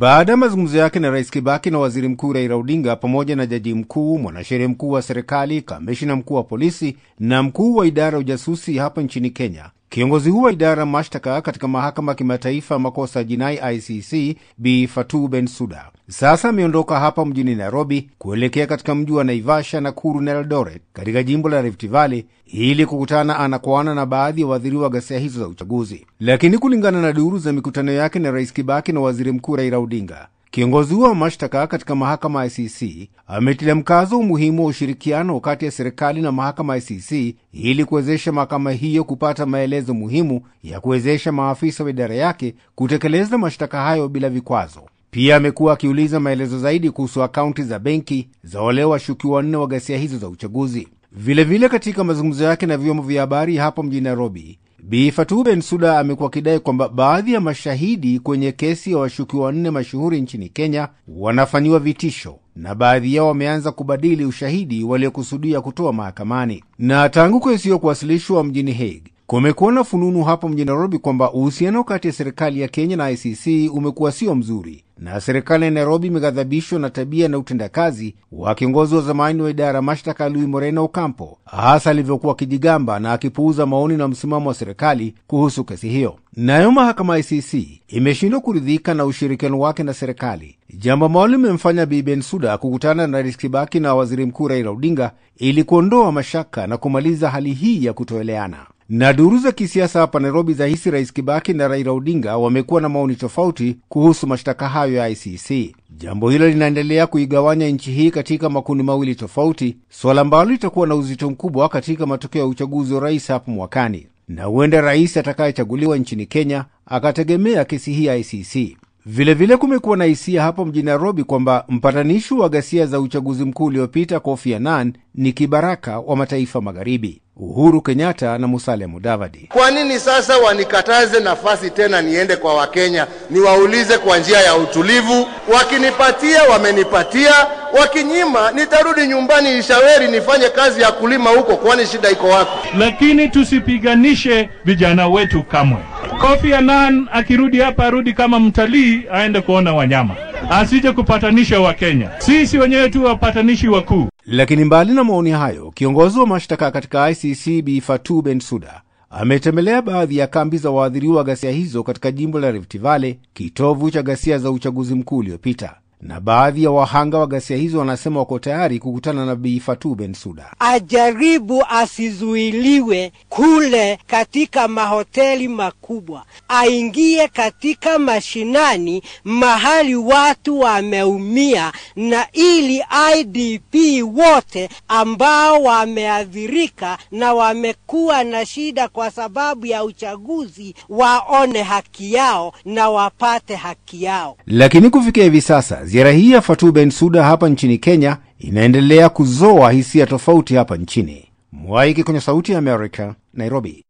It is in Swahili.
Baada ya mazungumzo yake na Rais Kibaki na Waziri Mkuu Raila Odinga pamoja na jaji mkuu, mwanasheria mkuu wa serikali, kamishina mkuu wa polisi na mkuu wa idara ya ujasusi hapa nchini Kenya, Kiongozi huu wa idara mashtaka katika mahakama ya kimataifa ya makosa ya jinai ICC Bi ben suda sasa ameondoka hapa mjini Nairobi kuelekea katika mji wa Naivasha, Nakuru na Eldoret katika jimbo la Rift Valley ili kukutana ana kwa ana na baadhi ya waathiriwa wa ghasia hizo za uchaguzi. Lakini kulingana na duru za mikutano yake na Rais Kibaki na Waziri Mkuu Raila Odinga, Kiongozi huo wa mashtaka katika mahakama ya ICC ametilia mkazo umuhimu wa ushirikiano kati ya serikali na mahakama ya ICC ili kuwezesha mahakama hiyo kupata maelezo muhimu ya kuwezesha maafisa wa idara yake kutekeleza mashtaka hayo bila vikwazo. Pia amekuwa akiuliza maelezo zaidi kuhusu akaunti za benki za wale washukiwa wanne wa ghasia hizo za uchaguzi. Vilevile vile katika mazungumzo yake na vyombo vya habari hapo mjini Nairobi, Bi Fatuma Bensouda amekuwa akidai kwamba baadhi ya mashahidi kwenye kesi ya washukiwa wanne mashuhuri nchini Kenya wanafanyiwa vitisho na baadhi yao wameanza kubadili ushahidi waliokusudia kutoa mahakamani. Na tangu kesi hiyo kuwasilishwa mjini Hague, Kumekuwa na fununu hapa mjini Nairobi kwamba uhusiano kati ya serikali ya Kenya na ICC umekuwa sio mzuri, na serikali ya Nairobi imeghadhabishwa na tabia na utendakazi wa kiongozi wa zamani wa idara ya mashtaka Luis Moreno Ocampo, hasa alivyokuwa akijigamba na akipuuza maoni na msimamo wa serikali kuhusu kesi hiyo. Nayo mahakama ICC imeshindwa kuridhika na ushirikiano wake na serikali, jambo ambalo limemfanya Bi suda kukutana na Rais Kibaki na Waziri Mkuu Raila Odinga ili kuondoa mashaka na kumaliza hali hii ya kutoeleana. Na duru za kisiasa hapa Nairobi zahisi Rais Kibaki na Raila Odinga wamekuwa na maoni tofauti kuhusu mashtaka hayo ya ICC. Jambo hilo linaendelea kuigawanya nchi hii katika makundi mawili tofauti, swala ambalo litakuwa na uzito mkubwa katika matokeo ya uchaguzi wa rais hapo mwakani, na huenda rais atakayechaguliwa nchini Kenya akategemea kesi hii ya ICC. Vilevile kumekuwa na hisia hapo mjini Nairobi kwamba mpatanishi wa ghasia za uchaguzi mkuu uliopita Kofi Annan ni kibaraka wa mataifa magharibi, Uhuru Kenyatta na Musalia Mudavadi. Kwa nini sasa wanikataze nafasi tena niende kwa Wakenya niwaulize kwa njia ya utulivu? Wakinipatia wamenipatia, wakinyima nitarudi nyumbani Ishaweri nifanye kazi ya kulima huko. Kwani shida iko wapi? Lakini tusipiganishe vijana wetu kamwe. Kofi Annan akirudi hapa arudi kama mtalii, aende kuona wanyama, asije kupatanisha Wakenya. Sisi wenyewe tu wapatanishi wakuu. Lakini mbali na maoni hayo, kiongozi wa mashtaka katika ICC Bi ben suda ametembelea baadhi ya kambi za waadhiriwa wa ghasia hizo katika jimbo la Rift Valley, kitovu cha ghasia za uchaguzi mkuu uliopita na baadhi ya wahanga wa ghasia hizo wanasema wako tayari kukutana na Bi Fatou Bensouda. Ajaribu asizuiliwe kule katika mahoteli makubwa, aingie katika mashinani mahali watu wameumia, na ili IDP wote ambao wameathirika na wamekuwa na shida kwa sababu ya uchaguzi waone haki yao na wapate haki yao. Lakini kufikia hivi sasa Ziara hii ya fatu ben suda hapa nchini Kenya inaendelea kuzoa hisia tofauti hapa nchini. Mwaiki kwenye Sauti ya Amerika, Nairobi.